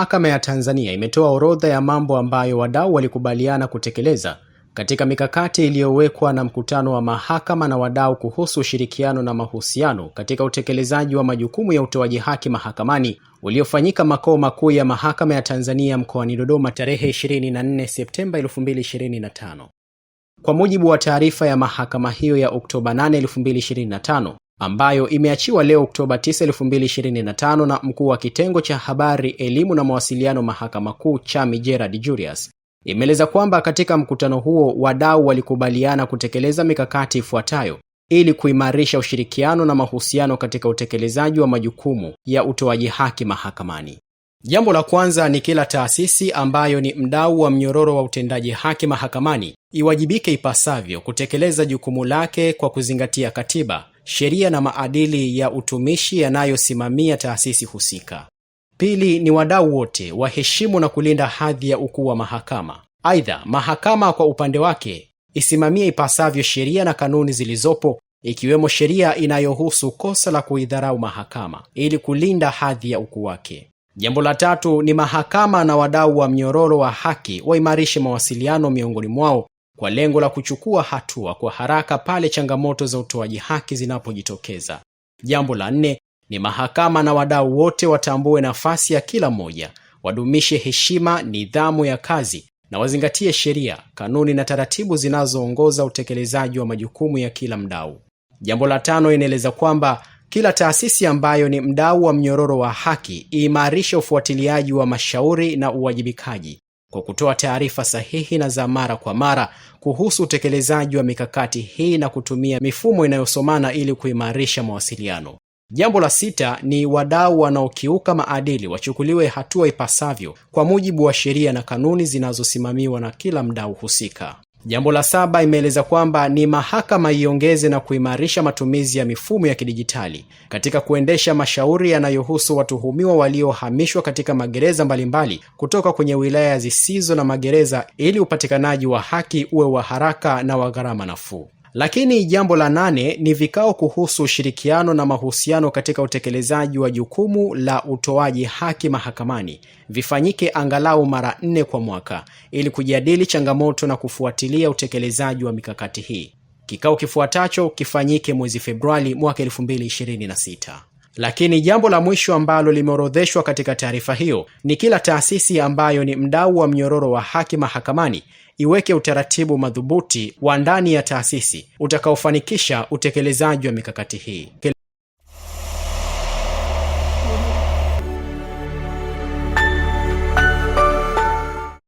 Mahakama ya Tanzania imetoa orodha ya mambo ambayo wadau walikubaliana kutekeleza katika mikakati iliyowekwa na mkutano wa mahakama na wadau kuhusu ushirikiano na mahusiano katika utekelezaji wa majukumu ya utoaji haki mahakamani uliofanyika makao makuu ya Mahakama ya Tanzania mkoani Dodoma tarehe 24 Septemba 2025. Kwa mujibu wa taarifa ya mahakama hiyo ya Oktoba 8, 2025, ambayo imeachiwa leo Oktoba 9, 2025 na mkuu wa kitengo cha habari, elimu na mawasiliano mahakama kuu Chami Gerard Julius imeeleza kwamba katika mkutano huo wadau walikubaliana kutekeleza mikakati ifuatayo ili kuimarisha ushirikiano na mahusiano katika utekelezaji wa majukumu ya utoaji haki mahakamani. Jambo la kwanza ni kila taasisi ambayo ni mdau wa mnyororo wa utendaji haki mahakamani iwajibike ipasavyo kutekeleza jukumu lake kwa kuzingatia katiba, sheria na maadili ya utumishi yanayosimamia taasisi husika. Pili, ni wadau wote waheshimu na kulinda hadhi ya ukuu wa mahakama. Aidha, mahakama kwa upande wake isimamie ipasavyo sheria na kanuni zilizopo ikiwemo sheria inayohusu kosa la kuidharau mahakama ili kulinda hadhi ya ukuu wake. Jambo la tatu ni mahakama na wadau wa mnyororo wa haki waimarishe mawasiliano miongoni mwao kwa lengo la kuchukua hatua kwa haraka pale changamoto za utoaji haki zinapojitokeza. Jambo la nne ni mahakama na wadau wote watambue nafasi ya kila mmoja, wadumishe heshima, nidhamu ya kazi na wazingatie sheria, kanuni na taratibu zinazoongoza utekelezaji wa majukumu ya kila mdau. Jambo la tano inaeleza kwamba kila taasisi ambayo ni mdau wa mnyororo wa haki iimarishe ufuatiliaji wa mashauri na uwajibikaji kwa kutoa taarifa sahihi na za mara kwa mara kuhusu utekelezaji wa mikakati hii na kutumia mifumo inayosomana ili kuimarisha mawasiliano. Jambo la sita ni wadau wanaokiuka maadili wachukuliwe hatua ipasavyo kwa mujibu wa sheria na kanuni zinazosimamiwa na kila mdau husika. Jambo la saba, imeeleza kwamba ni mahakama iongeze na kuimarisha matumizi ya mifumo ya kidijitali katika kuendesha mashauri yanayohusu watuhumiwa waliohamishwa katika magereza mbalimbali kutoka kwenye wilaya zisizo na magereza ili upatikanaji wa haki uwe wa haraka na wa gharama nafuu. Lakini jambo la nane ni vikao kuhusu ushirikiano na mahusiano katika utekelezaji wa jukumu la utoaji haki mahakamani vifanyike angalau mara nne kwa mwaka ili kujadili changamoto na kufuatilia utekelezaji wa mikakati hii. Kikao kifuatacho kifanyike mwezi Februari mwaka 2026. Lakini jambo la mwisho ambalo limeorodheshwa katika taarifa hiyo ni kila taasisi ambayo ni mdau wa mnyororo wa haki mahakamani iweke utaratibu madhubuti wa ndani ya taasisi utakaofanikisha utekelezaji wa mikakati hii.